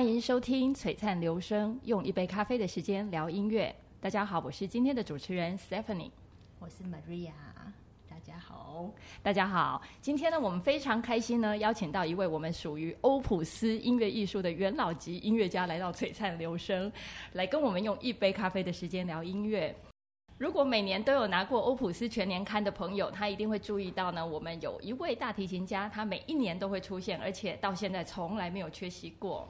歡迎收聽《璀璨流聲》，用一杯咖啡的時間聊音樂。大家好，我是今天的主持人 Stephanie，我是 Maria。大家好，大家好。今天呢，我們非常開心呢，邀請到一位我們屬於歐普思音樂藝術的元老級音樂家來到《璀璨流聲》，來跟我們用一杯咖啡的時間聊音樂。如果每年都有拿過歐普思全年刊的朋友，他一定會注意到呢，我們有一位大提琴家，他每一年都會出現，而且到現在從來沒有缺席過。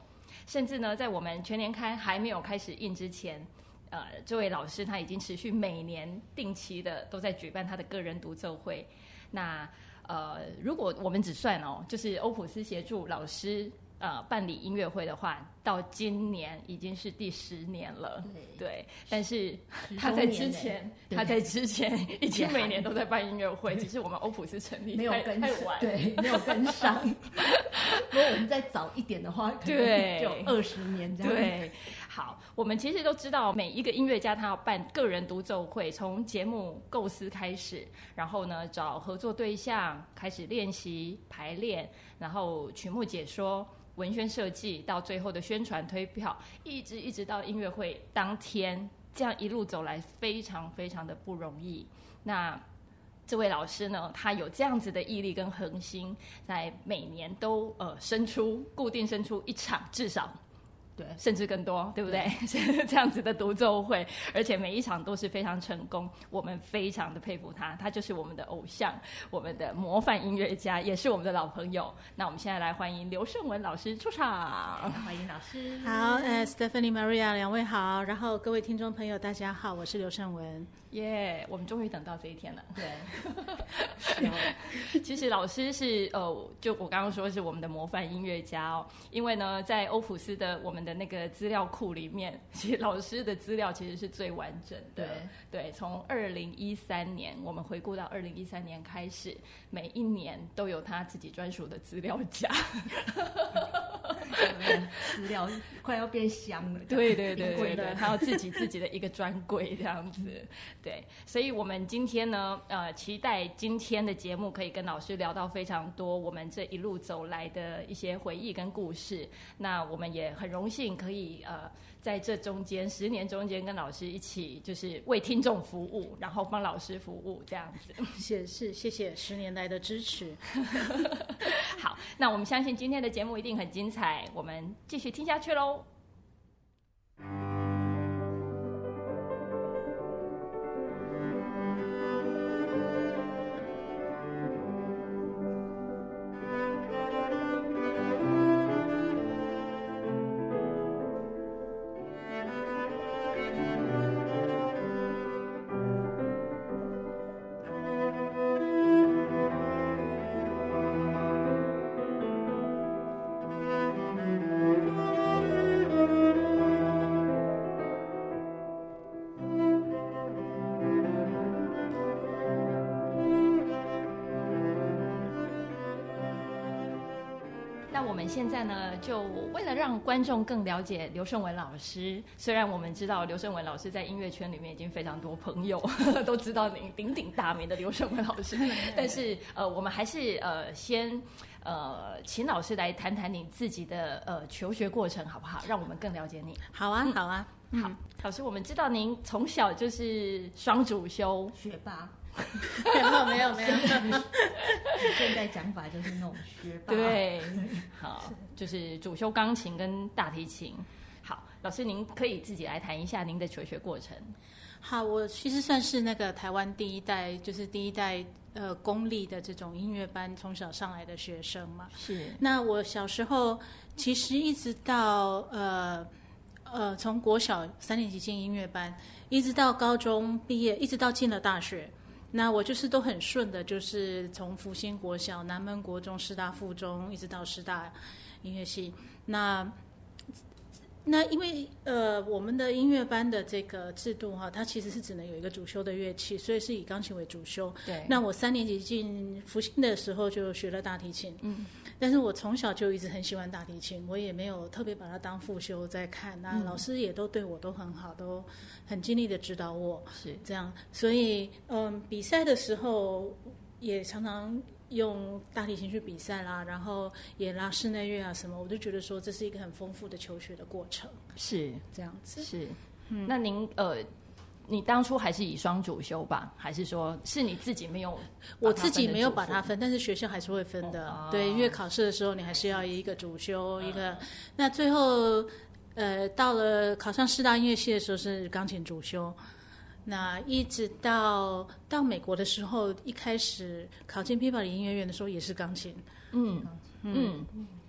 甚至呢，在我們全年刊還沒有開始印之前，呃，這位老師他已經持續每年定期的都在舉辦他的個人獨奏會。那呃，如果我們只算哦，就是歐普斯協助老師，呃，辦理音樂會的話，到今年已經是第十年了。對，對，但是他在之前，對他在之前對已經每年都在辦音樂會，只是對對我們歐普思成立沒有跟上，對，沒有跟上。 如果我們再早一點的話，對，就二十年這樣對。對，好，我們其實都知道，每一個音樂家他要辦個人獨奏會，從節目構思開始，然後呢，找合作對象，開始練習排練，然後曲目解說。文宣設計到最後的宣傳推票，一直一直到音樂會當天，這樣一路走來非常非常的不容易。那這位老師呢，他有這樣子的毅力跟恆心，在每年都呃生出固定生出一場至少，甚至更多，對不對？是對這樣子的獨奏會，而且每一場都是非常成功。我們非常的佩服他，他就是我們的偶像，我們的模範音樂家，也是我們的老朋友。那我們現在來歡迎劉聖文老師出場。對歡迎老師。好，呃，Stephanie Maria，兩位好。然後各位聽眾朋友，大家好，我是劉聖文。耶，yeah, 我們終於等到這一天了。對 是，其實老師是呃、哦，就我剛剛說是我們的模範音樂家哦，因為呢，在歐普思的我們的。那個資料庫裡面，其實老師的資料其實是最完整的。對,對，從二零一三年，我們回顧到二零一三年開始，每一年都有他自己專屬的資料夾， 資料快要變香了。 對,對對對對對，還 有自己自己的一個專櫃這樣子。 對，所以我們今天呢，呃，期待今天的節目可以跟老師聊到非常多我們這一路走來的一些回憶跟故事。那我們也很榮幸。可以呃，在這中間十年中間，跟老師一起就是為聽眾服務，然後幫老師服務這樣子。謝謝，謝謝十年來的支持。 好，那我們相信今天的節目一定很精彩，我們繼續聽下去嘍。嗯現在呢，就為了讓觀眾更了解劉聖文老師，雖然我們知道劉聖文老師在音樂圈裡面已經非常多朋友呵呵都知道您鼎鼎大名的劉聖文老師，但是呃，我們還是呃先呃請老師來談談你自己的呃求學過程好不好？讓我們更了解你。好啊，好啊，嗯、好。老師，我們知道您從小就是雙主修學霸。沒有沒有沒有，沒有沒有 現在講法就是那種學霸。對，好，是就是主修鋼琴跟大提琴。好，老師您可以自己來談一下您的求學,學過程。好，我其實算是那個台灣第一代，就是第一代呃公立的這種音樂班從小上來的學生嘛。是。那我小時候其實一直到呃呃從國小三年級進音樂班，一直到高中畢業，一直到進了大學。那我就是都很順的，就是從福興國小、南門國中、師大附中，一直到師大音樂系。那那因為呃，我們的音樂班的這個制度哈、啊，它其實是只能有一個主修的樂器，所以是以鋼琴為主修。對。那我三年級進福星的時候就學了大提琴。嗯。但是我從小就一直很喜歡大提琴，我也沒有特別把它當副修在看。那老師也都對我都很好，都很盡力的指導我。是。這樣，所以嗯，比賽的時候也常常。用大提琴去比賽啦，然後也拉室內樂啊什麼，我就覺得說這是一個很豐富的求學的過程，是這樣子。是，嗯、那您呃，你當初還是以雙主修吧？還是說是你自己沒有？我自己沒有把它分，但是學校還是會分的。哦、對，因為考試的時候你還是要一個主修、哦、一個。嗯、那最後呃，到了考上師大音樂系的時候是鋼琴主修。那一直到到美國的時候，一開始考進皮巴第音樂院的時候也是鋼琴，嗯嗯，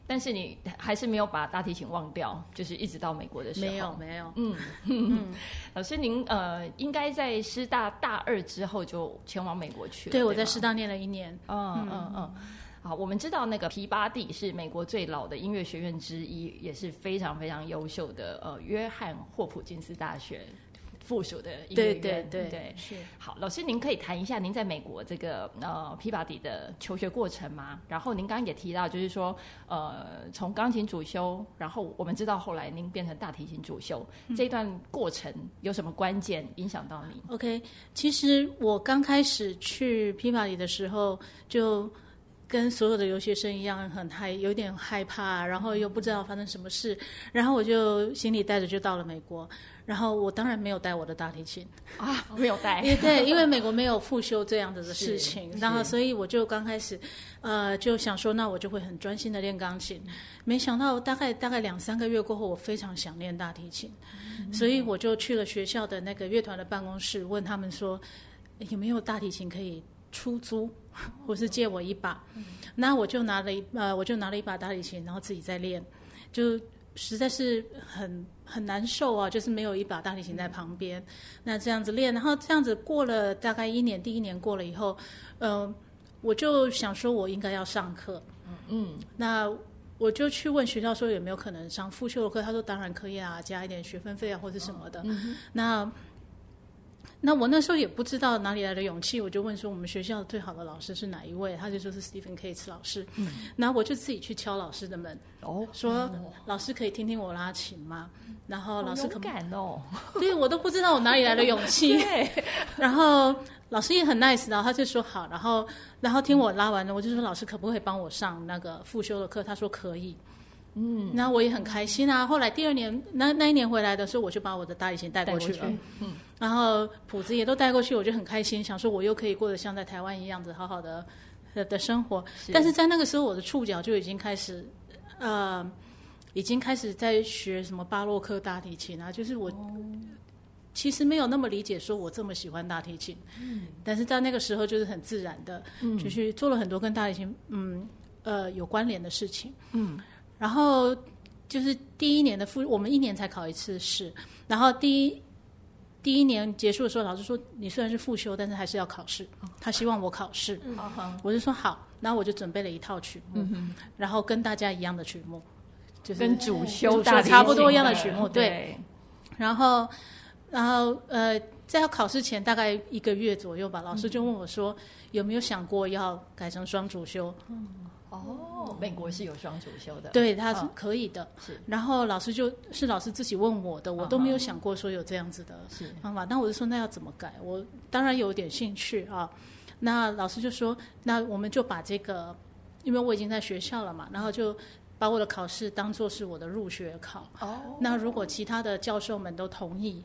但是你還是沒有把大提琴忘掉，就是一直到美國的時候沒有沒有，嗯嗯，老師您呃應該在師大大二之後就前往美國去，對我在師大念了一年，嗯嗯嗯，好，我們知道那個皮巴第是美國最老的音樂學院之一，也是非常非常優秀的，呃，約翰霍普金斯大學。部署的音樂院對對對對，對是好老師。您可以談一下您在美國這個呃琵琶底的求學過程嗎？然後您剛剛也提到，就是說呃從鋼琴主修，然後我們知道後來您變成大提琴主修，嗯、這一段過程有什麼關鍵影響到您？OK，其實我剛開始去琵琶底的時候，就跟所有的留學生一樣很，很害有點害怕，然後又不知道發生什麼事，然後我就行李帶着就到了美國。然後我當然沒有帶我的大提琴啊，我沒有帶。 對，因為美國沒有副修這樣子的事情， 是然後所以我就剛開始，呃，就想說，那我就會很專心的練鋼琴。沒想到大概大概兩三個月過後，我非常想練大提琴，嗯嗯，所以我就去了學校的那個樂團的辦公室，問他們說有沒有大提琴可以出租，或是借我一把。嗯、那我就拿了一呃，我就拿了一把大提琴，然後自己在練，就。實在是很很難受啊，就是沒有一把大提琴在旁邊，嗯、那這樣子練，然後這樣子過了大概一年，第一年過了以後，嗯、呃，我就想說我應該要上課，嗯嗯，那我就去問學校說有沒有可能上副修的課？他說當然可以啊，加一點學分費啊或者什麼的，嗯嗯、那。那我那時候也不知道哪裡來的勇氣，我就問說我們學校最好的老師是哪一位？他就說是 Stephen Kates 老師。嗯，然後我就自己去敲老師的門，哦、說、哦、老師可以聽聽我拉琴嗎？然後老師可不敢哦？對，我都不知道我哪裡來的勇氣。 對，然後老師也很 nice，然後他就說好，然後然後聽我拉完了，嗯、我就說老師可不可以幫我上那個副修的課？他說可以。嗯，那我也很開心啊。後來第二年，那那一年回來的時候，我就把我的大提琴帶過去了，然後譜子也都帶過去。嗯、過去我就很開心， 想說我又可以過得像在台灣一樣子好好的的，的生活。是但是在那個時候，我的觸角就已經開始，呃，已經開始在學什麼巴洛克大提琴啊。就是我、哦、其實沒有那麼理解，說我這麼喜歡大提琴，嗯、但是在那個時候就是很自然的，嗯、就是做了很多跟大提琴，嗯，呃，有關聯的事情，嗯。然後就是第一年的复，我們一年才考一次試。然後第一第一年結束的時候，老師說你雖然是复修，但是還是要考試。他希望我考試，好好我就說好，然後我就準備了一套曲目，嗯、哼然後跟大家一樣的曲目，就是跟主修大差不多一樣的曲目。對，對然後然後呃，在考試前大概一個月左右吧，老師就問我說、嗯、哼有沒有想過要改成雙主修？嗯哦，oh, 美國是有雙主修的？對，他是可以的。是，oh, 然後老師就是老師自己問我的，是我都沒有想過說有這樣子的，uh huh. 嗯、是，方法。那我就說那要怎麼改？我當然有點興趣啊。那老師就說，那我們就把這個，因為我已經在學校了嘛，然後就把我的考試當做是我的入學考。哦，oh, 那如果其他的教授們都同意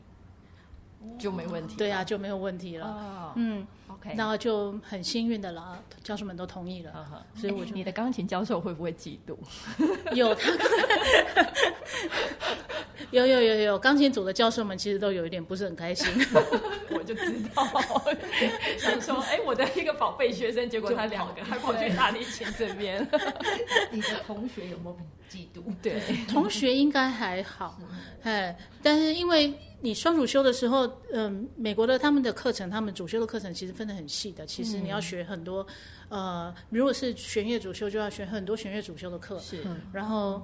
，oh. 嗯、就沒問題。對啊，就沒有問題了。Oh. 嗯。OK，然後就很幸運的了，教授們都同意了，所以我覺得你的鋼琴教授會不會嫉妒？有，有，有，有鋼琴組的教授們其實都有一點不是很開心。我就知道，想說，哎，我的一個寶貝學生，結果他兩個還跑去大提琴這邊。你的同學有沒有嫉妒？對，同學應該還好，哎，但是因為你雙主修的時候，嗯，美國的他們的課程，他們主修的課程其實。分得很細的，其實你要學很多，嗯、呃，如果是弦樂主修，就要學很多弦樂主修的課，是。嗯、然後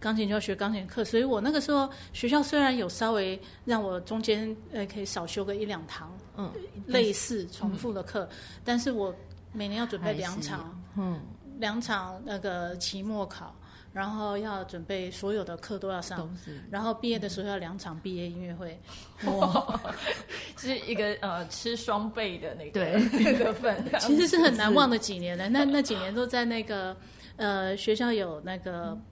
鋼琴就要學鋼琴課，所以我那個時候學校雖然有稍微讓我中間呃可以少修個一兩堂，嗯，類似重複的課，嗯，但是，嗯、但是我每年要準備兩場，嗯，兩場那個期末考。然後要準備，所有的課都要上，是然後畢業的時候要兩場畢業音樂會，哇、嗯，哦、是一個 呃吃雙倍的那個那個對 份，其實是很難忘的幾年了。是那那幾年都在那個 呃學校有那個。嗯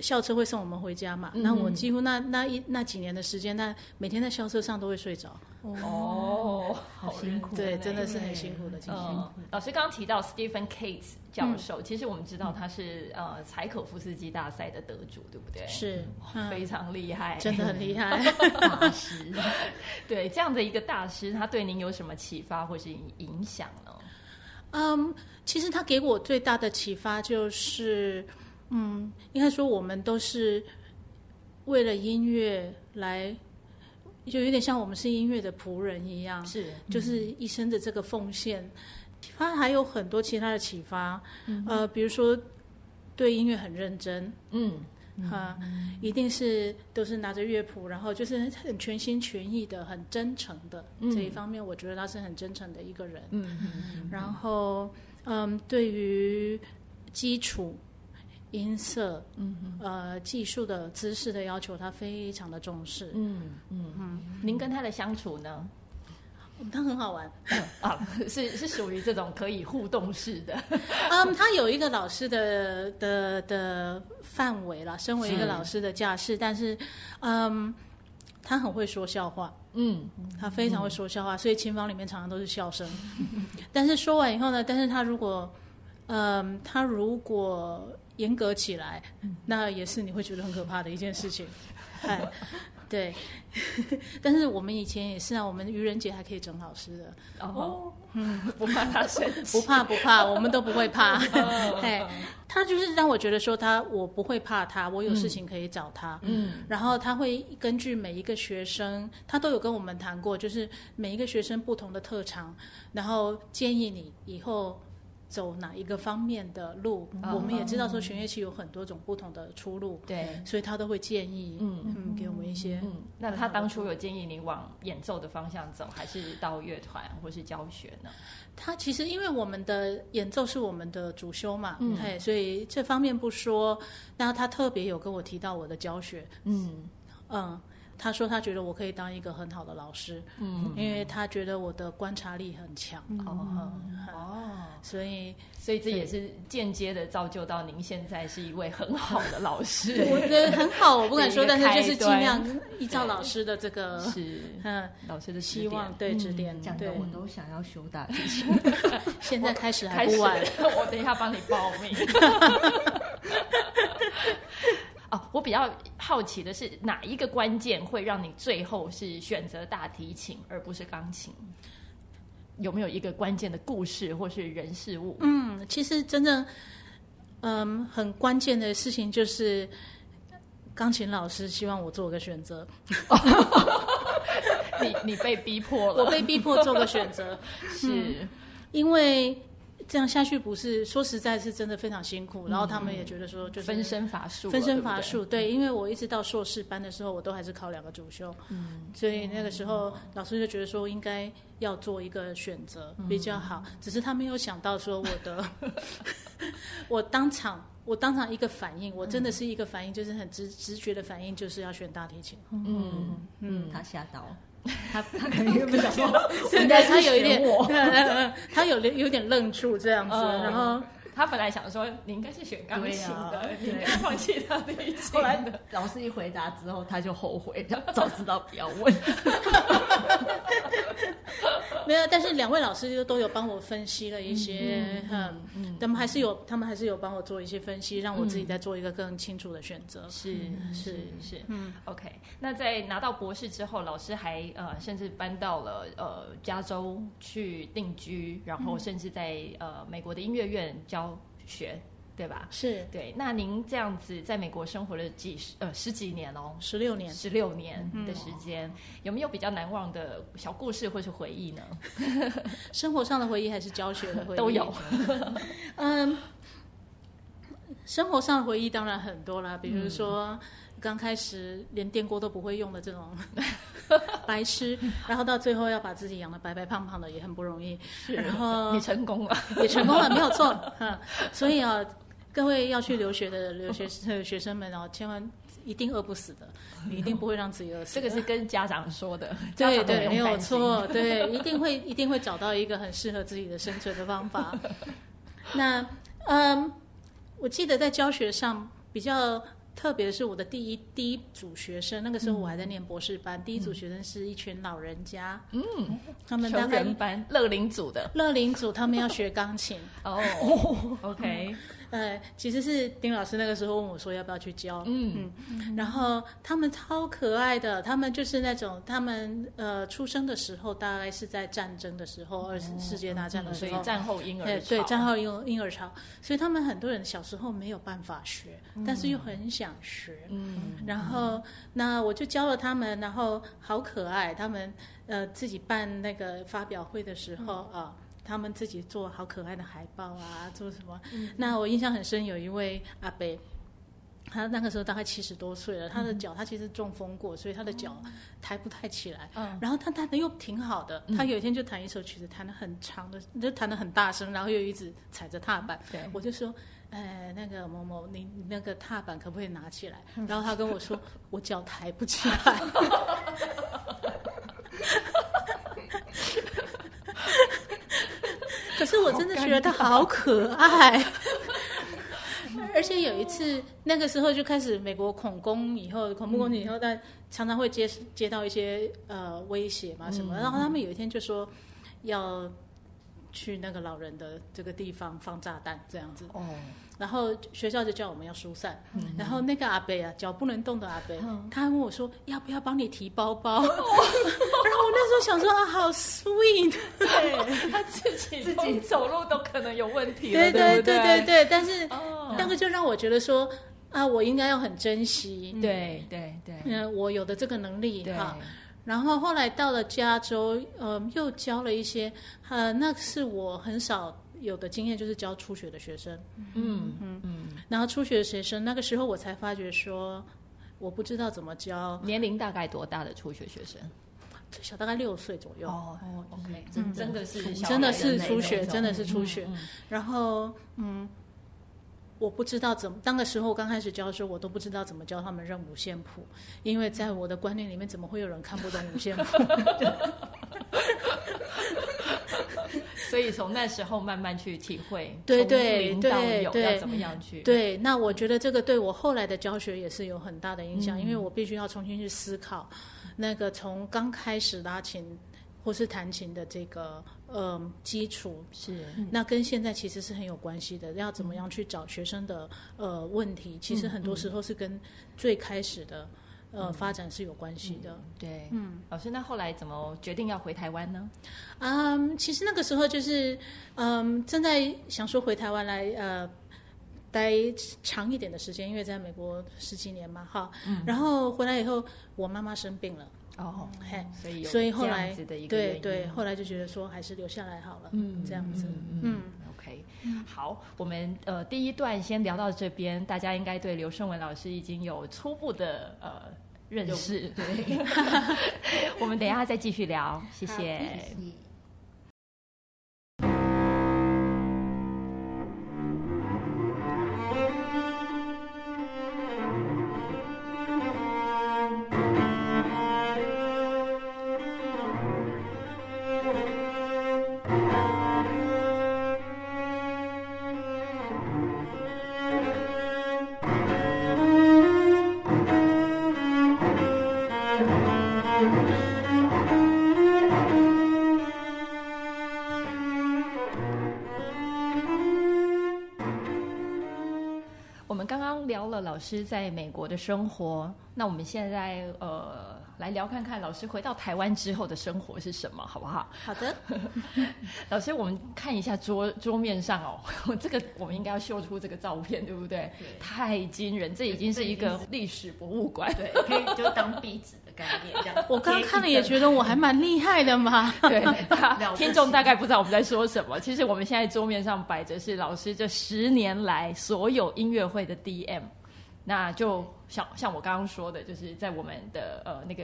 校車會送我們回家嘛？那我幾乎那那一那幾年的時間，那每天在校車上都會睡着。哦，好辛苦。對，真的是很辛苦的。嗯，老師剛剛提到 Stephen Kates 教授，其實我們知道他是呃柴可夫斯基大賽的得主，對不對？是，非常厲害，真的很厲害。大師，對這樣的一個大師，他對您有什麼啟發或是影響呢？嗯，其實他給我最大的啟發就是。嗯，應該說我們都是為了音樂來，就有點像我們是音樂的僕人一樣，是就是一生的這個奉獻。嗯、哼他還有很多其他的啟發，嗯、哼呃，比如說對音樂很認真，嗯，哈、呃，嗯、哼一定是都是拿着樂譜，然後就是很全心全意的、很真誠的、嗯、哼這一方面，我覺得他是很真誠的一個人。嗯哼哼哼。然後，嗯，對於基礎。音色，嗯，呃，技術的姿勢的要求，他非常的重視，嗯嗯嗯。您跟他的相處呢？他很好玩啊，是是屬於這種可以互動式的。他有一個老師的的的範圍啦，身為一個老師的架勢，但是，嗯，他很會說笑話，嗯，他非常會說笑話，所以琴房裡面常常都是笑聲。但是說完以後呢，但是他如果，嗯，他如果。嚴格起來，那也是你會覺得很可怕的一件事情， Hi, 對。 但是我們以前也是啊，我們愚人節還可以整老師的，哦、oh, 嗯， 不怕他生氣 不怕不怕，我們都不會怕。Oh, oh, oh, oh. Hi, 他就是讓我覺得說他，我不會怕他，我有事情可以找他，嗯，然後他會根據每一個學生，他都有跟我們談過，就是每一個學生不同的特長，然後建議你以後。走哪一個方面的路，嗯、我們也知道說弦樂器有很多種不同的出路，對、嗯，所以他都會建議，嗯嗯，嗯給我們一些、嗯嗯嗯。那他當初有建議你往演奏的方向走，還是到樂團或是教學呢？他其實因為我們的演奏是我們的主修嘛，嗯，對，所以這方面不說。那他特別有跟我提到我的教學，嗯嗯。嗯他說他覺得我可以當一個很好的老師，嗯，因為他覺得我的觀察力很強，哦，所以所以這也是間接的造就到您現在是一位很好的老師。我覺得很好，我不敢說，但是就是盡量依照老師的這個是嗯老師的希望對指點講的我都想要修大提琴，現在開始還不晚，我等一下幫你報名。Oh, 我比較好奇的是哪一個關鍵會讓你最後是選擇大提琴而不是鋼琴？有沒有一個關鍵的故事或是人事物？嗯，其實真正嗯很關鍵的事情就是，鋼琴老師希望我做個選擇。 你你被逼迫了，我被逼迫做個選擇， 是、嗯、因為。這樣下去不是說實在，是真的非常辛苦。嗯、然後他們也覺得說就是，就分身乏術，分身乏術。對，因為我一直到碩士班的時候，我都還是考兩個主修，嗯，所以那個時候老師就覺得說應該要做一個選擇比較好。嗯、只是他沒有想到說我的， 我當場，我當場一個反應，我真的是一個反應，嗯、就是很直直覺的反應，就是要選大提琴。嗯嗯，嗯他嚇到。 他他肯定不想說， 現在他有一點， 他有有點愣住這樣子， 嗯、然後。他本來想說，你應該是選鋼琴的，你應該放棄他的一切。後來老師一回答之後，他就後悔，早知道不要問。沒有，但是兩位老師就都有幫我分析了一些，嗯，他們還是有，他們還是有幫我做一些分析，讓我自己再做一個更清楚的選擇。是是是，嗯，OK。那在拿到博士之後，老師還呃，甚至搬到了呃加州去定居，然後甚至在呃美國的音樂院教學對吧？是對。那您這樣子在美國生活了幾十、呃十幾年哦，十六年，十六年的時間，嗯、哼有沒有比較難忘的小故事或是回憶呢？ 生活上的回憶還是教學的回憶都有？ 嗯，生活上的回憶當然很多啦，比如說剛開始連電鍋都不會用的這種。 白癡，然後到最後要把自己養得白白胖胖的也很不容易。是然後也成功了，也成功了， 沒有錯。嗯、所以啊、哦，各位要去留學的留學學生們啊、哦，千萬一定餓不死的，你一定不會讓自己餓死。這個是跟家長說的， 對對，沒有錯，對，一定會，一定會找到一個很適合自己的生存的方法。 那，嗯，我記得在教學上比較。特別是我的第一第一組學生，那個時候我還在念博士班。嗯，第一組學生是一群老人家，嗯，他們當樂齡班，樂齡組的樂齡組，他們要學鋼琴。哦 ，oh, OK，嗯。呃，其實是丁老師那個時候問我說要不要去教，嗯、嗯，然後他們超可愛的，他們就是那種他們呃出生的時候大概是在戰爭的時候，二次、嗯、世界大戰的時候、嗯嗯，所以戰後嬰兒潮，呃、對戰後嬰兒潮，所以他們很多人小時候沒有辦法學，嗯、但是又很想學，嗯，然後、嗯、那我就教了他們，然後好可愛，他們呃自己辦那個發表會的時候啊。嗯他們自己做好可愛的海報啊，做什麼？嗯、那我印象很深，有一位阿伯，他那個時候大概七十多歲了，嗯、他的腳他其實中風過，所以他的腳抬不太起來。嗯，然後他彈的又挺好的，嗯、他有一天就彈一首曲子，彈的很長的，就彈的很大聲，然後又一直踩着踏板。對我就說，哎、欸，那個某某，你那個踏板可不可以拿起來？然後他跟我說， 我腳抬不起來。 可是我真的覺得他好可愛好， 而且有一次那個時候就開始美國恐攻，以後恐怖攻擊以後，嗯、但常常會接接到一些呃威脅嘛什麼，嗯、然後他們有一天就說要去那個老人的這個地方放炸彈這樣子。哦然後學校就叫我們要疏散，嗯、哼然後那個阿伯啊，腳不能動的阿伯，嗯、他還問我說要不要幫你提包包？哦、 然後我那時候想說啊，好 sweet，他自己自己走路都可能有問題 對對對對對，對，對，對，對，對但是那個、哦、就讓我覺得說啊，我應該要很珍惜，嗯、對對對，因、嗯、我有的這個能力哈對、啊。然後後來到了加州，嗯、呃、又教了一些，呃，那是我很少。有的經驗就是教初學的學生，嗯嗯嗯，然後初學的學生那個時候我才發覺說，我不知道怎麼教。年齡大概多大的初學學生？最小大概六歲左右。哦，OK，真的是真的是初學，真的是初學。然後嗯，我不知道怎麼，那個時候剛開始教的時候，我都不知道怎麼教他們認五線譜，因為在我的觀念裡面，怎麼會有人看不懂五線譜？所以從那時候慢慢去體會，從零到有要怎麼樣去？對，對，那我覺得這個對我後來的教學也是有很大的影響，因為我必須要重新去思考，那個從剛開始拉琴或是彈琴的這個嗯、呃、基礎是，那跟現在其實是很有關係的。要怎麼樣去找學生的呃問題？其實很多時候是跟最開始的。呃，發展是有關係的，嗯，對，嗯，老師，那後來怎麼決定要回台灣呢？嗯，其實那個時候就是，嗯，正在想說回台灣來呃，待長一點的時間，因為在美國十幾年嘛，哈，嗯，然後回來以後，我媽媽生病了，哦，嘿，嗯，所以所以後來對對，後來就覺得說還是留下來好了，嗯，這樣子，嗯，嗯，嗯，OK，嗯好，我們呃第一段先聊到這邊，嗯、大家應該對劉聖文老師已經有初步的呃。認識，對， 我們等一下再繼續聊，謝謝。老師在美國的生活，那我們現在呃，來聊看看老師回到台灣之後的生活是什麼，好不好？好的， 老師，我們看一下桌桌面上哦呵呵，這個我們應該要秀出這個照片，對不對？對，太驚人，這已經是一個歷史博物館，對， 對，可以就當壁紙的概念這樣。我剛剛看了也覺得我還蠻厲害的嘛， 對。聽眾大概不知道我們在說什麼，其實我們現在桌面上擺着是老師這十年來所有音樂會的 DM。那就像像我剛剛說的，就是在我們的呃那個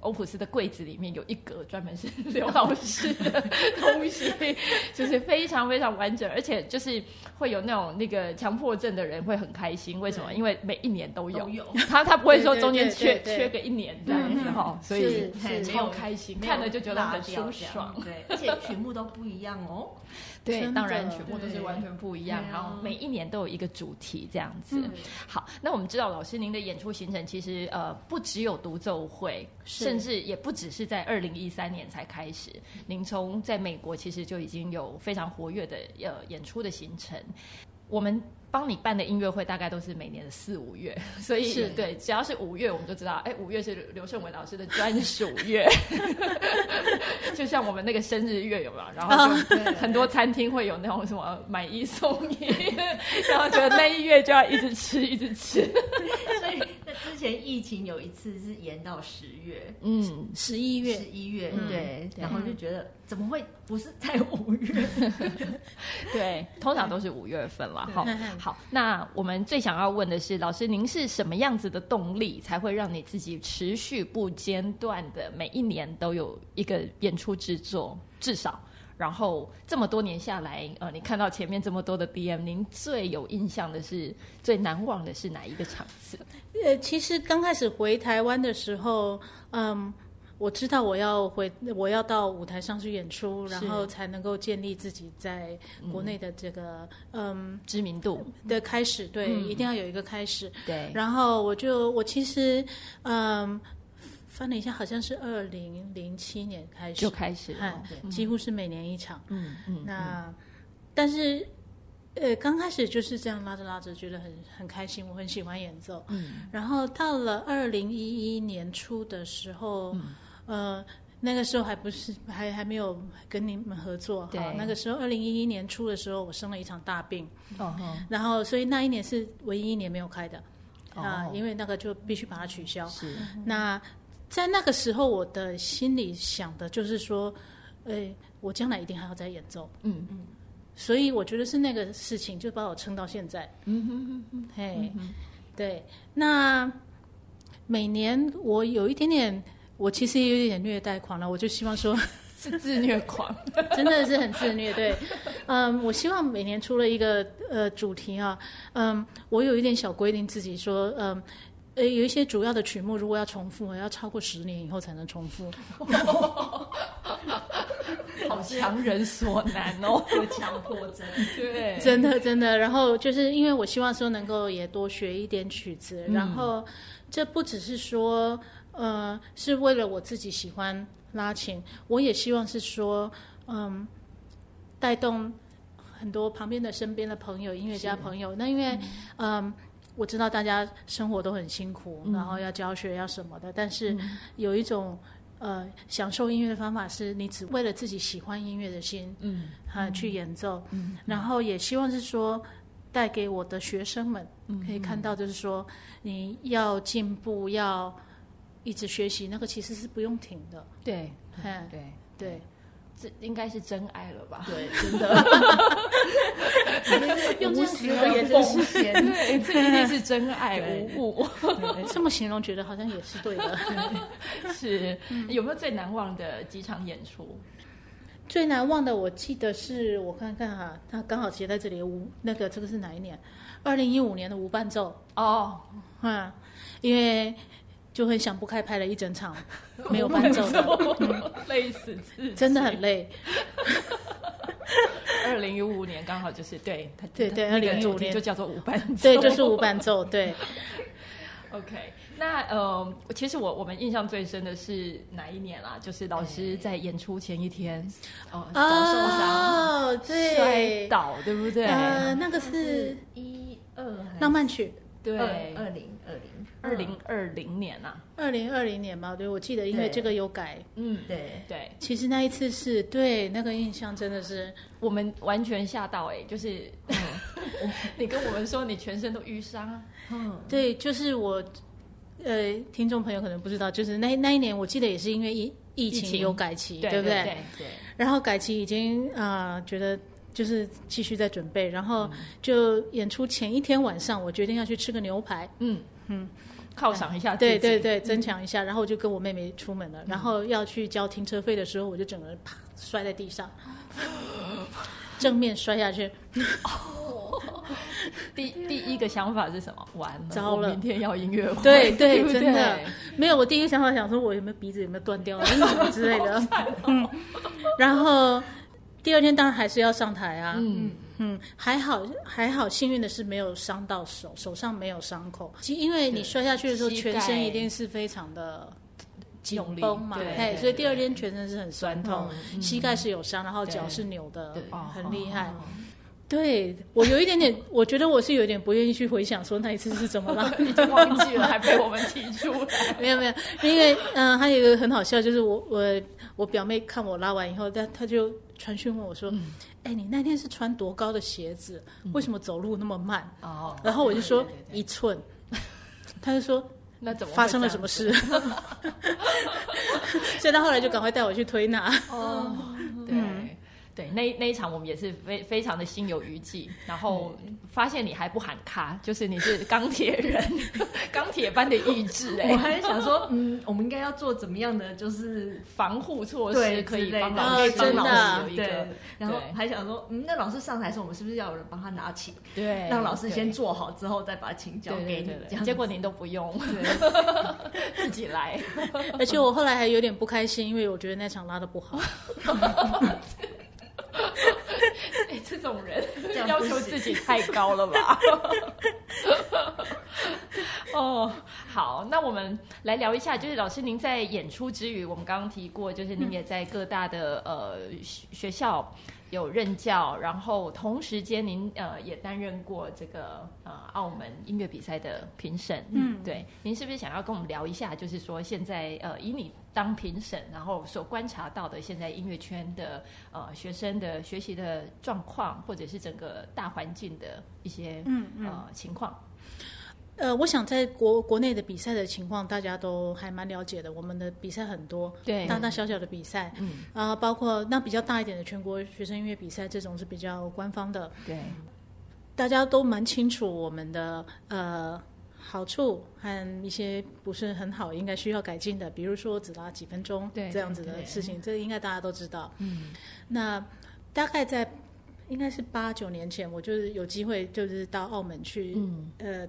歐普斯的櫃子裡面有一格專門是劉老師的東西， 就是非常非常完整，而且就是會有那種那個強迫症的人會很開心。為什麼？對因為每一年都有，都有他他不會說中間缺對對對對缺個一年這樣子哈，所以是，是超開心，有看了就覺得很舒爽，對，而且曲目都不一樣哦。 對，的當然全部都是完全不一樣，然後每一年都有一個主題這樣子。對好，那我們知道老師您的演出行程其實呃不只有獨奏會，是甚至也不只是在二零一三年才開始，您從在美國其實就已經有非常活躍的呃演出的行程。我們，幫你辦的音樂會大概都是每年的四五月，所以是對，只要是五月，我們就知道，哎，五月是劉聖文老師的專屬月， 就像我們那個生日月，有沒有？然後就很多餐廳會有那種什麼買一送一， 然後覺得那一月就要一直吃，一直吃。 所以以前疫情有一次是延到十月，嗯，十一月，十一月、嗯，對，然後就覺得、嗯、怎麼會不是在五月？ 對，通常都是五月份了哈。好，那我們最想要問的是，老師您是什麼樣子的動力，才會讓你自己持續不間斷的每一年都有一個演出制作，至少？然後這麼多年下來，呃，你看到前面這麼多的 DM，您最有印象的是、最難忘的是哪一個場次？呃，其實剛開始回台灣的時候，嗯，我知道我要回、我要到舞台上去演出，是然後才能夠建立自己在國內的這個嗯，嗯，知名度的開始。對，嗯、一定要有一個開始。嗯、對，然後我就我其實嗯。翻了一下，好像是二零零七年開始就開始，幾乎是每年一場。嗯嗯。那但是呃，剛開始就是這樣拉着拉着，覺得很很開心，我很喜歡演奏。嗯。然後到了二零一一年初的時候，呃，那個時候還不是還還沒有跟你們合作哈。對。那個時候二零一一年初的時候，我生了一場大病。哦。然後，所以那一年是唯一一年沒有開的。啊，因為那個就必須把它取消。是。那在那個時候，我的心裡想的就是說，哎、欸、我將來一定還要再演奏。嗯嗯，所以我覺得是那個事情就把我撐到現在。嗯哼哼、嗯嘿嗯、哼，嘿，對，那每年我有一點點，我其實也有一點虐待狂了，我就希望說是自虐狂， 真的是很自虐。對，嗯，我希望每年出了一個呃主題啊，嗯，我有一點小規定自己說，嗯。呃，有一些主要的曲目，如果要重複，要超過十年以後才能重複， 好強人所難哦， 有強迫症。對，真的真的。然後就是因為我希望說能夠也多學一點曲子，嗯、然後這不只是說呃是為了我自己喜歡拉琴，我也希望是說嗯、呃、帶動很多旁邊的、身邊的朋友、音樂家朋友。那是因為嗯。呃我知道大家生活都很辛苦，然後要教學要什麼的，但是有一種呃享受音樂的方法是，你只為了自己喜歡音樂的心，嗯，哈去演奏，嗯，然後也希望是說帶給我的學生們可以看到，就是說你要進步，要一直學習，那個其實是不用停的，對，嗯，對對。這應該是真愛了吧？對，真的，用這樣形容也是 對，這一定是真愛 對無誤。 這麼形容，覺得好像也是對的。 是，有沒有最難忘的幾場演出？嗯、最難忘的，我記得是我看看哈、啊，它剛好寫在這裡，無、那個，這個是哪一年？二零一五年的無伴奏哦，嗯，因為。就很想不開，拍了一整場沒有伴奏，累死！真的很累。二零一五年剛好就是對，他對，對對，那一五年就叫做“無伴奏”，對，就是無伴奏。對。 OK，那呃，其實我我們印象最深的是哪一年啦、啊？就是老師在演出前一天哦，哦、哎呃、腳受傷，哦、對摔倒，對不對？呃，那個是一二浪漫曲。對，二零二零二零二零年啊，二零二零年嘛，對，我記得，因為這個有改，對嗯，對對。對其實那一次是對，那個印象，真的是、嗯、我們完全嚇到、欸，哎，就是、嗯、 你跟我們說你全身都瘀傷，啊，嗯，對，就是我，呃，聽眾朋友可能不知道，就是那那一年，我記得也是因為疫疫情有改期，情對不對？對，對，對，對。然後改期已經啊、呃，覺得。就是繼續在準備，然後就演出前一天晚上，我決定要去吃個牛排。嗯嗯，犒賞一下。對對對，增強一下。然後我就跟我妹妹出門了。然後要去交停車費的時候，我就整個人啪摔在地上，正面摔下去。哦。第第一個想法是什麼？完了，糟了，明天要音樂會。對對，真的沒有。我第一個想法想說，我有沒有鼻子有沒有斷掉了之類的。嗯，然後。第二天當然還是要上台啊，嗯嗯，還好還好，幸運的是沒有傷到手，手上沒有傷口。其實因為你摔下去的時候，全身一定是非常的緊繃嘛，對、對、對、對，所以第二天全身是很痠痛，嗯、膝蓋是有傷，然後腳是扭的很厲害。哦哦哦、對我有一點點，哦、我覺得我是有點不願意去回想說那一次是怎麼了，已經 忘記了， 還被我們提出。沒有沒有，因為嗯，還、呃、有一個很好笑，就是我我我表妹看我拉完以後，但他就。傳訊問我說：“哎、嗯，欸，你那天是穿多高的鞋子？嗯、為什麼走路那麼慢？”哦哦、然後我就說：“一寸。”他就說：“那怎麼發生了什麼事？” 所以他後來就趕快帶我去推拿。哦， 對。對，那那一場我們也是非非常的心有餘悸，然後發現你還不喊卡，就是你是鋼鐵人， 鋼鐵般的意志哎。 我還想說，嗯，我們應該要做怎麼樣的就是防護措施，對可以幫老師，呃、真的幫老師有一個。然後還想說，對嗯，那老師上台時，我們是不是要有人幫他拿琴？對，讓老師先坐好之後再把琴交給你，的結果您都不用，對自己來。 而且我後來還有點不開心，因為我覺得那場拉得不好。 哎， 這種人要求自己太高了吧？ 哦，好，那我們來聊一下，就是老師您在演出之餘，我們剛剛提過，就是您也在各大的、嗯、呃學校。有任教，然後同時間您呃也擔任過這個呃澳門音樂比賽的評審，嗯，對，您是不是想要跟我們聊一下，就是說現在呃以你當評審，然後所觀察到的現在音樂圈的呃學生的學習的狀況，或者是整個大環境的一些嗯，嗯呃情況？呃，我想在國國內的比賽的情況，大家都還蠻了解的。我們的比賽很多，對大大小小的比賽，嗯，啊、呃，包括那比較大一點的全國學生音樂比賽，這種是比較官方的，對，大家都蠻清楚我們的呃好處和一些不是很好，應該需要改進的，比如說只拉幾分鐘，對這樣子的事情，對嗯、這應該大家都知道，嗯。那大概在應該是八九年前，我就是有機會，就是到澳門去，嗯，呃。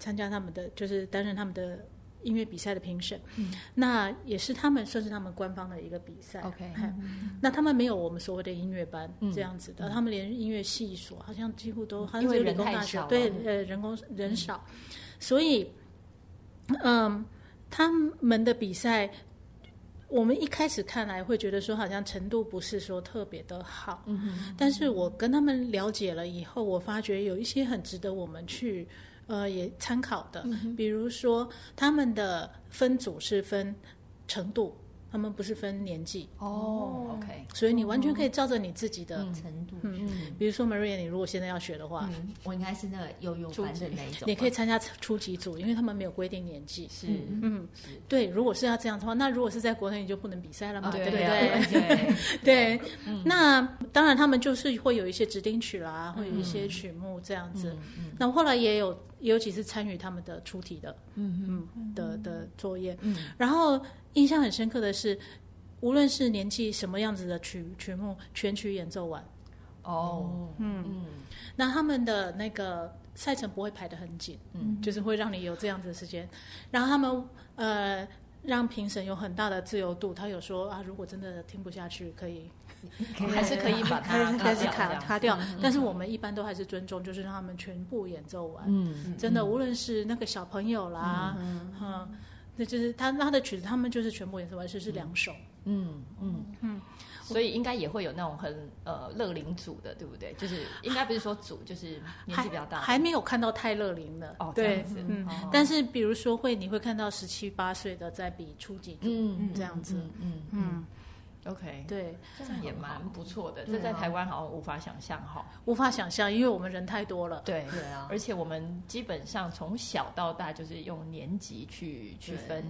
參加他們的就是擔任他們的音樂比賽的評審，嗯、那也是他們算是他們官方的一個比賽。OK，、嗯、那他們沒有我們所謂的音樂班這樣子的，嗯嗯、他們連音樂系所好像幾乎都好只有人大小對，呃，人工人少，嗯、所以，嗯，他們的比賽，我們一開始看來會覺得說好像程度不是說特別的好，嗯嗯嗯嗯，但是我跟他們了解了以後，我發覺有一些很值得我們去。呃，也參考的，比如說他們的分組是分程度，他們不是分年紀。哦，OK，所以你完全可以照着你自己的程度。嗯嗯，比如說 Maria，你如果現在要學的話，我應該是那個幼幼班是哪一種？你可以參加初級組，因為他們沒有規定年紀。是，嗯，對。如果是要這樣的話，那如果是在國內你就不能比賽了嘛？對對對？對，那當然，他們就是會有一些指定曲啦，會有一些曲目這樣子。那我後來也有。尤其是參與他們的出題的，嗯嗯哼的的作業。嗯，然後印象很深刻的是，無論是年紀，什麼樣子的曲曲目，全曲演奏完，哦，嗯嗯，嗯，那他們的那個賽程不會排得很緊，嗯，就是會讓你有這樣子的時間，嗯，然後他們呃，讓評審有很大的自由度，他有說啊，如果真的聽不下去，可以。還是可以把它開始卡卡掉，但是我們一般都還是尊重，就是讓他們全部演奏完。嗯，真的，無論是那個小朋友啦，嗯，哼，那就是他他的曲子，他們就是全部演奏完，就是兩首。嗯嗯嗯，所以應該也會有那種很呃樂齡組的，對不對？就是應該不是說組，就是年紀比較大，還沒有看到太樂齡的哦。對，嗯，但是比如說會你會看到十七八歲的在比初級組這樣子，嗯嗯。OK，對，這樣也蠻不錯的。這在台灣好像無法想象哈，無法想象，因為我們人太多了。對對啊，而且我們基本上從小到大就是用年級去去分，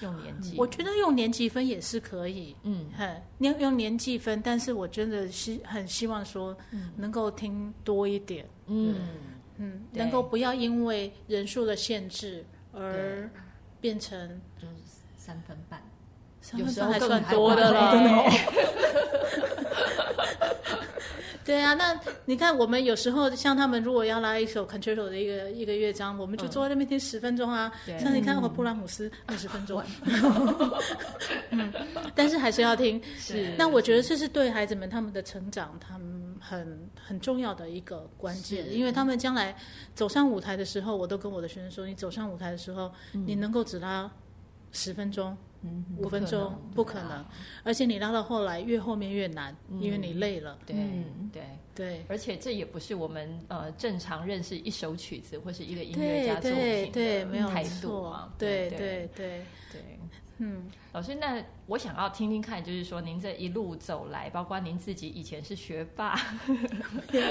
用年級。我覺得用年級分也是可以，嗯哼，用用年級分，但是我真的是很希望說能夠聽多一點，嗯嗯，能夠不要因為人數的限制而變成就是三分半。有時候還算多的了。 對啊，那你看，我們有時候像他們，如果要拉一首 concerto 的一個一個樂章，嗯、我們就坐在那邊聽十分鐘啊。對像你看我布拉姆斯二十分鐘。嗯， 但是還是要聽。是。那我覺得這是對孩子們他們的成長，他們很很重要的一個關鍵，是因為他們將來走上舞台的時候，我都跟我的學生說，你走上舞台的時候，嗯、你能夠只拉十分鐘。五分鐘不可能，而且你拉到後來越後面越難，嗯、因為你累了。對對對，而且這也不是我們呃正常認識一首曲子或是一個音樂家作品的態度嘛，對對對對。對對沒有嗯，老師，那我想要聽聽看，就是說您這一路走來，包括您自己以前是學霸，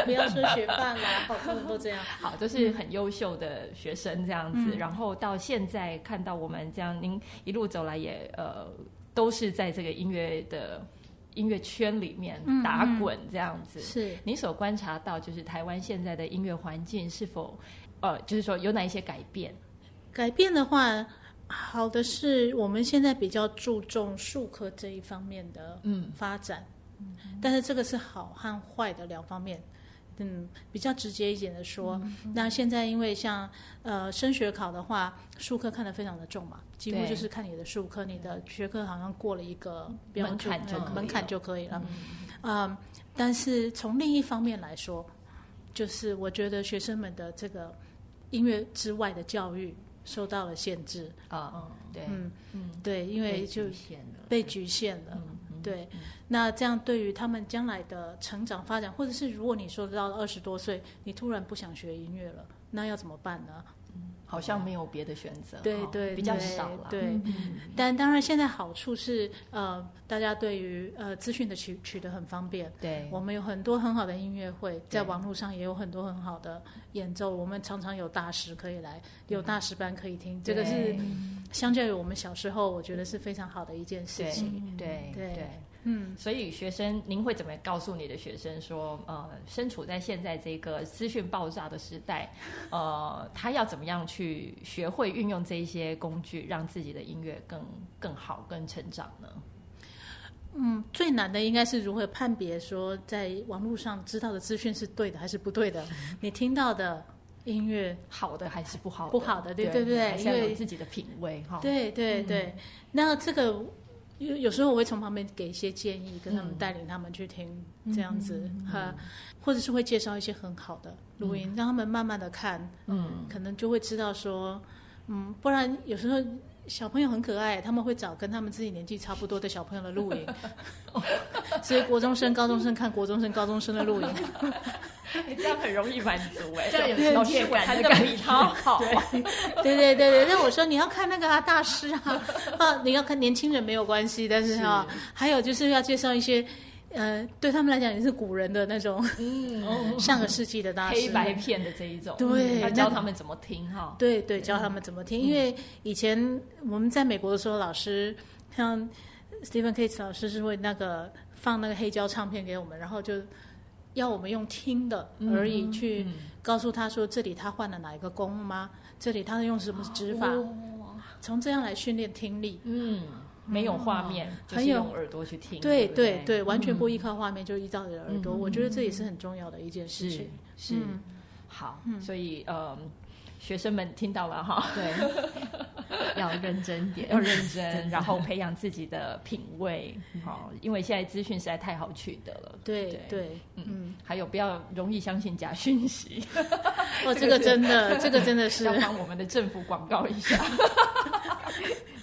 不要說學霸了， 好多人都這樣，好，都是很優秀的學生這樣子。嗯、然後到現在看到我們這樣，您一路走來也呃，都是在這個音樂的音樂圈裡面打滾這樣子。嗯嗯、是，您所觀察到，就是台灣現在的音樂環境是否呃，就是說有哪一些改變？改變的話。好的是我們現在比較注重術科這一方面的嗯發展，嗯、但是這個是好和壞的兩方面，嗯，比較直接一點的說，嗯、那現在因為像呃升學考的話，術科看得非常的重嘛，幾乎就是看你的術科，對你的學科好像過了一個門檻，門檻就可以了，嗯，但是從另一方面來說，就是我覺得學生們的這個音樂之外的教育。受到了限制啊，uh, 對，嗯嗯，對，因為就被局限了，對。嗯嗯、那這樣對於他們將來的成長發展，或者是如果你說到二十多歲，你突然不想學音樂了，那要怎麼辦呢？好像沒有別的選擇，對，對對，哦、比較少了。對，對，嗯、但當然現在好處是，呃，大家對於呃資訊的取取得很方便。對，我們有很多很好的音樂會，在網絡上也有很多很好的演奏。對我們常常有大師可以來，有大師班可以聽。嗯、這個是對相較於我們小時候，我覺得是非常好的一件事情。對對。嗯對對嗯，所以學生，您會怎麼告訴你的學生說，呃，身處在現在這個資訊爆炸的時代，呃，他要怎麼樣去學會運用這些工具，讓自己的音樂更更好，跟成長呢？嗯，最難的應該是如何判別說，在網絡上知道的資訊是對的還是不對的，是你聽到的音樂 好的還是不好的？不好的，對，對，對不對？要有自己的品味哈為、哦。對對對，對嗯、那這個。有有時候我會從旁邊給一些建議，跟他們帶領他們去聽、嗯、這樣子哈，嗯嗯、或者是會介紹一些很好的錄音，嗯、讓他們慢慢的看，嗯，可能就會知道說，嗯，不然有時候。小朋友很可愛，他們會找跟他們自己年紀差不多的小朋友的錄影。所以國中生、 高中生看國中生、高中生的錄影， 這樣很容易滿足哎、欸，這，也 這樣有什麼變的感好，好， 對，對，對，對，對，對。那我說你要看那個、啊、大師啊，啊，你要看年輕人沒有關係，但是啊，是還有就是要介紹一些。呃，對他們來講也是古人的那種，上個世紀的大師，黑白片的這一種，對，教他們怎麼聽哈，對對，教他們怎麼聽，因為以前我們在美國的時候，老師像 Stephen Kates 老師是會那個放那個黑膠唱片給我們，然後就要我們用聽的而已去告訴他說，這裡他換了哪一個弓嗎？這裡他是用什麼指法？從這樣來訓練聽力，嗯。沒有畫面，就是用耳朵去聽。對對對，完全不依靠畫面，就依照你的耳朵。我覺得這也是很重要的一件事情。是，好，所以呃，學生們聽到了哈，對，要認真點，要認真，然後培養自己的品味。好，因為現在資訊實在太好取得了。對對，嗯，還有不要容易相信假訊息。哦，這個真的，這個真的是要幫我們的政府廣告一下。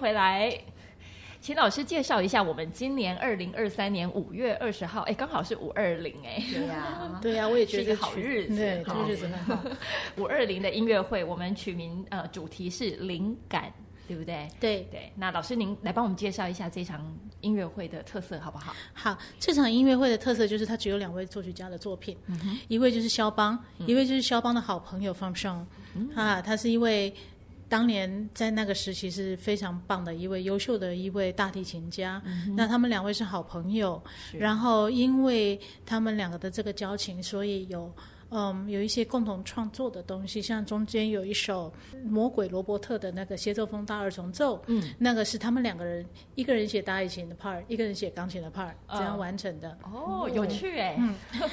回來，請老師介紹一下我們今年二零二三年五月二十號，哎，剛好是五二零，哎、啊，對呀，對呀，我也覺得好日子，對，好日子很好。五二零的音樂會，我們取名呃，主題是靈感，對不對？對對。那老師您來幫我們介紹一下這場音樂會的特色好不好？好，這場音樂會的特色就是它只有兩位作曲家的作品，嗯、哼一位就是肖邦，一位就是肖邦的好朋友，嗯、方勝啊，他是一位，當年在那個時期是非常棒的一位優秀的一位大提琴家，嗯、哼那他們兩位是好朋友。是然後因為他們兩個的這個交情，所以有嗯有一些共同創作的東西，像中間有一首《魔鬼羅伯特》的那個協奏風大二重奏，嗯，那個是他們兩個人一個人寫大提琴的 part，一個人寫鋼琴的 part，、嗯、這樣完成的。哦，嗯、有趣哎、欸。嗯，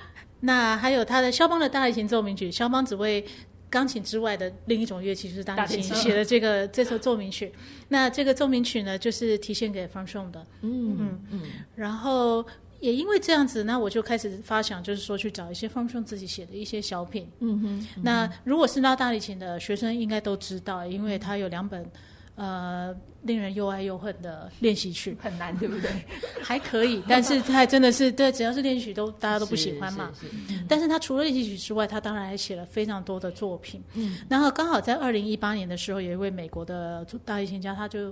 那還有他的肖邦的大提琴奏鳴曲，肖邦只為鋼琴之外的另一種樂器就是大提琴寫的這個 這首奏鳴曲，那這個奏鳴曲呢，就是題獻給方頌的。嗯嗯，嗯然後也因為這樣子，那我就開始發想，就是說去找一些方頌自己寫的一些小品。嗯哼，嗯哼，那如果是拉大提琴的學生，應該都知道，因為他有兩本。呃，令人又愛又恨的練習曲很難，對不對？ 還可以，但是他真的是，對，只要是練習曲都大家都不喜歡嘛。但是他除了練習曲之外，他當然還寫了非常多的作品。嗯，然後剛好在二零一八年的時候，有一位美國的大提琴家他就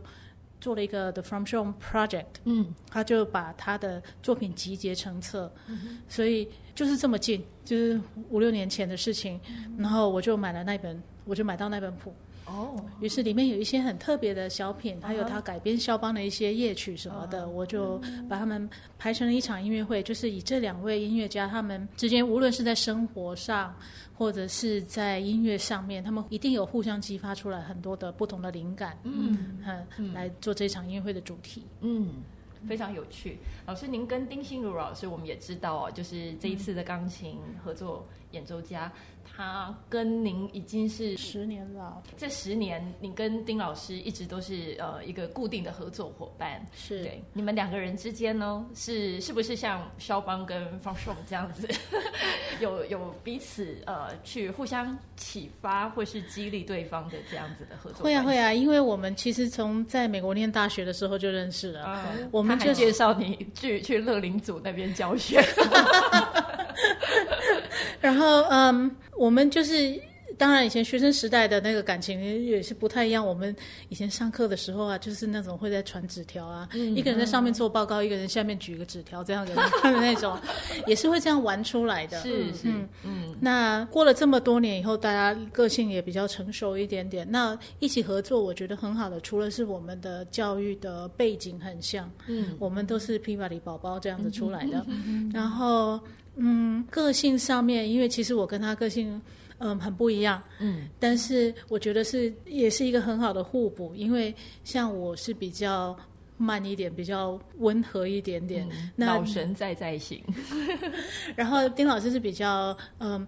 做了一個 The From Show Project。嗯，他就把他的作品集結成冊。嗯、哼所以就是這麼近，就是五六年前的事情。然後我就買了那本，我就買到那本譜。哦，oh. 於是裡面有一些很特別的小品，uh huh. 還有他改編肖邦的一些夜曲什麼的，uh huh. 我就把他們排成了一場音樂會，uh huh. 就是以這兩位音樂家他們之間，無論是在生活上或者是在音樂上面，他們一定有互相激發出來很多的不同的靈感，嗯，來做這場音樂會的主題，嗯、uh，huh. 非常有趣。老師，您跟丁心茹老師，我們也知道哦，就是這一次的鋼琴合作演奏家。Uh huh. 他、啊、跟您已經是十年了。這十年，你跟丁老師一直都是呃一個固定的合作夥伴。是對你們兩個人之間呢，是是不是像肖邦跟方頌這樣子， 有有彼此呃去互相啟發或是激勵對方的這樣子的合作？會啊會啊，因為我們其實從在美國念大學的時候就認識了。Okay. 我們就介紹你去去樂林組那邊教學。 然後嗯。Um, 我們就是，當然以前學生時代的那個感情也是不太一樣。我們以前上課的時候啊，就是那種會在傳紙條啊，嗯、一個人在上面做報告，嗯、一個人下面舉個紙條這樣的 那種，也是會這樣玩出來的。是是嗯，嗯那過了這麼多年以後，大家個性也比較成熟一點點。那一起合作，我覺得很好的，除了是我們的教育的背景很像，嗯，我們都是 Peabody 寶寶這樣子出來的，嗯、然後。嗯，個性上面，因為其實我跟他個性，嗯，很不一樣。嗯，但是我覺得是也是一個很好的互補，因為像我是比較慢一點，比較溫和一點點。老、嗯、神在在行。那 然後丁老師是比較嗯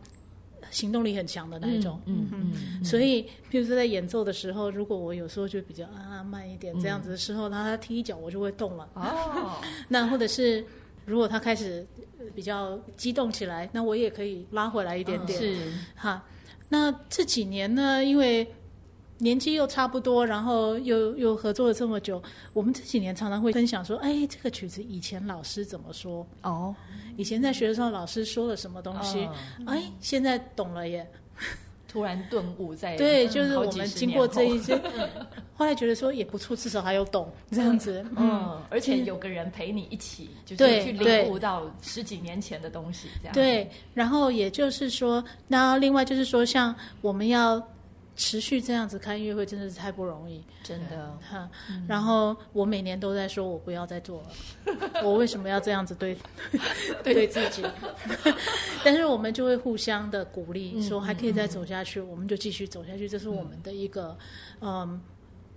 行動力很強的那一種。嗯嗯。嗯嗯嗯所以譬如說在演奏的時候，如果我有時候就比較啊慢一點這樣子的時候，他、嗯、他踢一腳我就會動了。哦。 那或者是如果他開始。比較激動起來，那我也可以拉回來一點點，哦、是哈。那這幾年呢，因為年紀又差不多，然後又又合作了這麼久，我們這幾年常常會分享說，哎、欸，這個曲子以前老師怎麼說？哦，以前在學的時候老師說了什麼東西？哎、哦欸，現在懂了耶，突然頓悟在、 嗯、對，就是我們經過這一些。嗯 後來覺得說也不錯，至少還有懂這樣子，嗯，而且有個人陪你一起，就是去領悟到十幾年前的東西，這樣對。然後也就是說，那另外就是說，像我們要持續這樣子開音樂會，真的是太不容易，真的。哈，然後我每年都在說，我不要再做了，我為什麼要這樣子對，對自己？但是我們就會互相的鼓勵，說還可以再走下去，我們就繼續走下去，這是我們的一個嗯。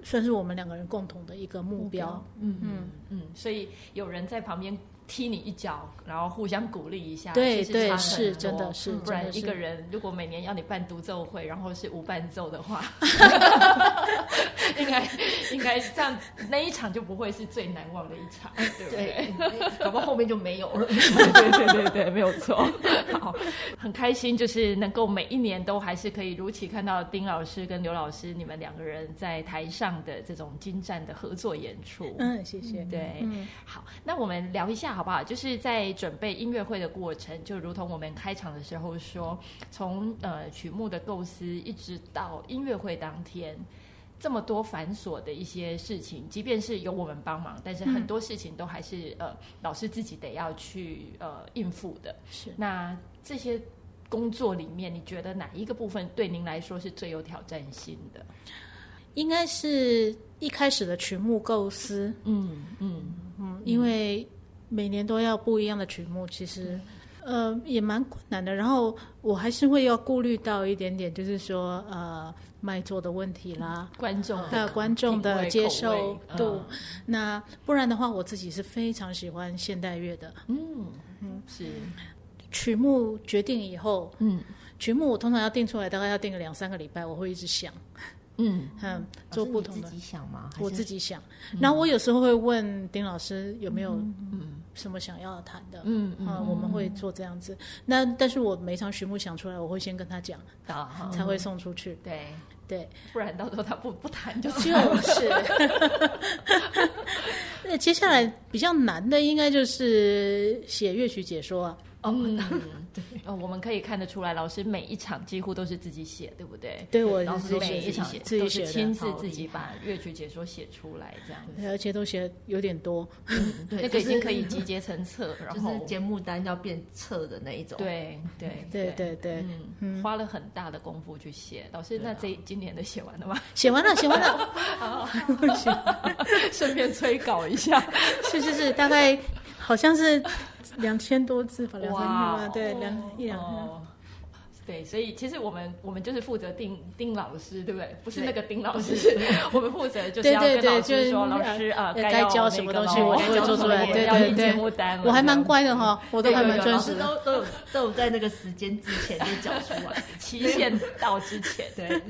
算是我們兩個人共同的一個目標，嗯嗯嗯，嗯嗯，所以有人在旁邊。踢你一腳，然後互相鼓勵一下。對對是，真的是。不然一個人如果每年要你辦獨奏會，然後是無伴奏的話，應該應該這樣，那一場就不會是最難忘的一場，對不對？搞不好後面就沒有了。對對對對，沒有錯。好，很開心，就是能夠每一年都還是可以如期看到丁老師跟劉老師你們兩個人在台上的這種精湛的合作演出。嗯，謝謝。對，好，那我們聊一下好。好不好，就是在準備音樂會的過程，就如同我們開場的時候說，從呃曲目的構思，一直到音樂會當天，這麼多繁瑣的一些事情，即便是有我們幫忙，但是很多事情都還是呃老師自己得要去呃應付的。是，那這些工作裡面，你覺得哪一個部分對您來說是最有挑戰性的？應該是一開始的曲目構思。嗯嗯嗯，嗯嗯因為。每年都要不一樣的曲目，其實，呃，也蠻困難的。然後我還是會要顧慮到一點點，就是說，呃，賣座的問題啦，觀眾、呃，觀眾的接受度。那不然的話，我自己是非常喜歡現代樂的。嗯，是曲目決定以後，嗯，曲目我通常要定出來，大概要定個兩三個禮拜，我會一直想，嗯嗯，做不同的。自己想嗎？我自己想。然後我有時候會問丁老師有沒有，嗯。什麼想要談的，嗯，啊，嗯、我們會做這樣子。嗯、那但是我每場曲目想出來，我會先跟他講，嗯、才會送出去。對對，對不然到時候他不不彈就就是。那 接下來比較難的，應該就是寫樂曲解說、啊。嗯，對，哦，我們可以看得出來，老師每一場幾乎都是自己寫，對不對？對，我老師每一場都是親自自己把樂曲解說寫出來，這樣。對，而且都寫的有點多，那個已經可以集結成冊，然後節目單要變冊的那一種。對，對，對，對，對，花了很大的功夫去寫。老師，那這今年都寫完了嗎？寫完了，寫完了。好，順便催稿一下。是是是，大概好像是。兩千多字吧，兩千對，兩一兩，對，所以其實我們我們就是負責定定老師，對不對？不是那個丁老師，我們負責就是跟老師說，老師啊，該教什麼東西，我會做出來。對對對，要印節目單，我還蠻乖的哈，我都還蠻準時，都都有都有在那個時間之前就交出來，期限到之前。對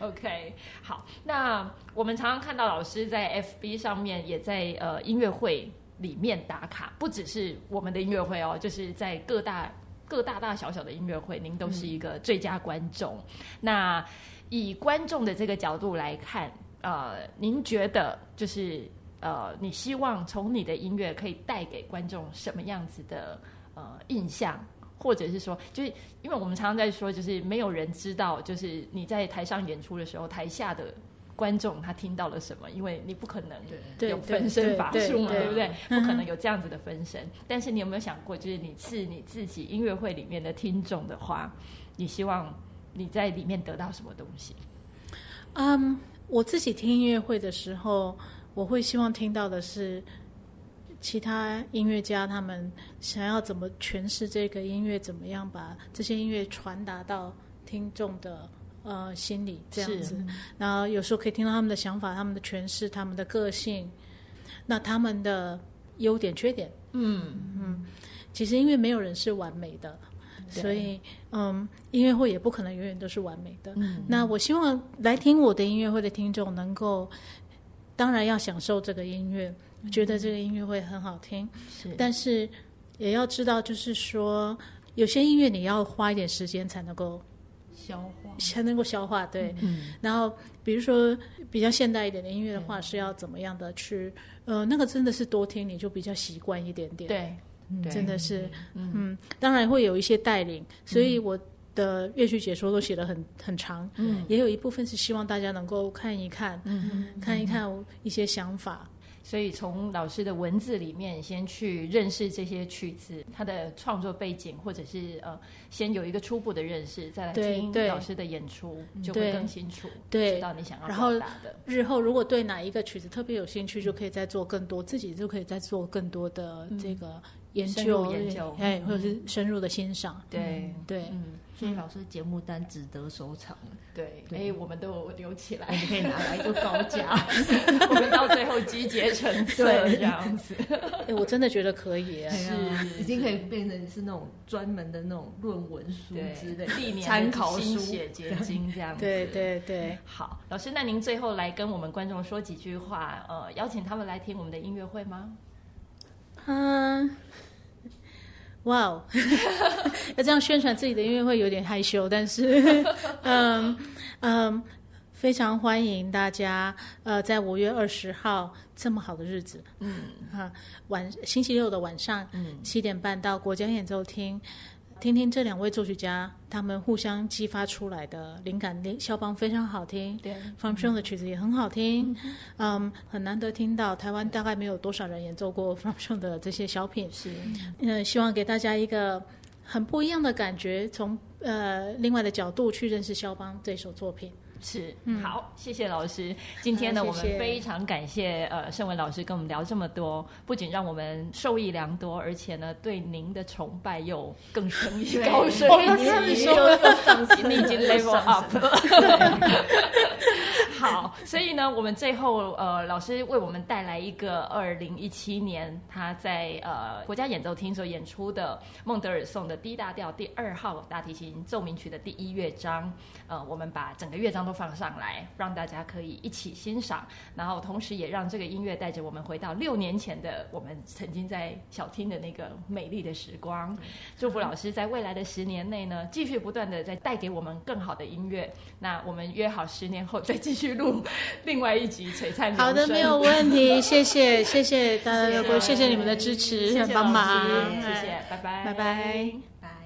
，OK，好，那我們常常看到老師在 FB 上面，也在呃音樂會。裡面打卡，不只是我們的音樂會哦，就是在各大各大大小小的音樂會，您都是一個最佳觀眾。嗯，那以觀眾的這個角度來看，呃，您覺得就是呃，你希望從你的音樂可以帶給觀眾什麼樣子的呃印象？或者是說，就是因為我們常常在說，就是沒有人知道，就是你在台上演出的時候，台下的。觀眾他聽到了什麼？因為你不可能有分身法術嘛，對，對，對，對，對，對不對？不可能有這樣子的分身。嗯，但是你有沒有想過，就是你是你自己音樂會裡面的聽眾的話，你希望你在裡面得到什麼東西？嗯，我自己聽音樂會的時候，我會希望聽到的是其他音樂家他們想要怎麼詮釋這個音樂，怎麼樣把這些音樂傳達到聽眾的。呃，心理這樣子，嗯、然後有時候可以聽到他們的想法、他們的詮釋、他們的個性，那他們的優點、缺點，嗯嗯，嗯，其實因為沒有人是完美的，對所以嗯，音樂會也不可能永遠都是完美的。嗯、那我希望來聽我的音樂會的聽眾能夠，當然要享受這個音樂，嗯、覺得這個音樂會很好聽，是，但是也要知道，就是說有些音樂你要花一點時間才能夠消。才能夠消化對，嗯、然後比如說比較現代一點的音樂的話，是要怎麼樣的去對呃，那個真的是多聽你就比較習慣一點點，對，嗯、對真的是，嗯，當然會有一些帶領，所以我的樂曲解說都寫得很、嗯、很長，嗯，也有一部分是希望大家能夠看一看，嗯，哼嗯哼，看一看一些想法。所以從老師的文字裡面先去認識這些曲子，它的創作背景，或者是呃，先有一個初步的認識，再來聽老師的演出就會更清楚，知道你想要表達的。對，然後日後如果對哪一個曲子特別有興趣，就可以再做更多，嗯、自己就可以再做更多的這個研究，研究，哎，嗯、或者是深入的欣賞。對、嗯、對。對嗯嗯、老師的節目單值得收藏，對，所以對我們都有留起來，可以拿來做高價。 我們到最後集結成冊對這樣子，哎，我真的覺得可以、啊，是，是已經可以變成是那種專門的那種論文書之類的對參考書，心血結晶這樣子。對對對，對好，老師，那您最後來跟我們觀眾說幾句話，呃，邀請他們來聽我們的音樂會嗎？嗯哇哦，要 Wow, 這樣宣傳自己的音樂會有點害羞，但是，嗯嗯，非常歡迎大家，呃，在五月二十號這麼好的日子，嗯，哈、嗯，晚星期六的晚上，嗯，七點半到國家演奏廳。聽聽這兩位作曲家，他們互相激發出來的靈感。肖邦非常好聽，對，Franchomme、嗯、的曲子也很好聽，嗯，um, 很難得聽到，台灣大概沒有多少人演奏過 Franchomme、嗯、的這些小品。是，嗯，希望給大家一個很不一樣的感覺，從呃另外的角度去認識肖邦這首作品。是，嗯、好，謝謝老師。今天呢，嗯、謝謝，我們非常感謝呃盛文老師跟我們聊這麼多，不僅讓我們受益良多，而且呢，對您的崇拜又更深一高深。你已經 level up， 好，所以呢，我們最後呃，老師為我們帶來一個二零一七年她在呃國家演奏廳所演出的孟德爾頌的 D 大調第二號大提琴奏鳴曲的第一樂章。呃，我們把整個樂章都，放上來，讓大家可以一起欣賞，然後同時也讓這個音樂帶着我們回到六年前的我們曾經在小廳的那個美麗的時光。嗯，祝福老師在未來的十年內呢，繼續不斷的再帶給我們更好的音樂。那我們約好十年後再繼續錄另外一集《璀璨，璨》。好的，沒有問題。 謝謝，謝謝大家，謝謝大家，謝謝你們的支持、謝謝幫忙。謝謝，拜拜，拜拜，拜。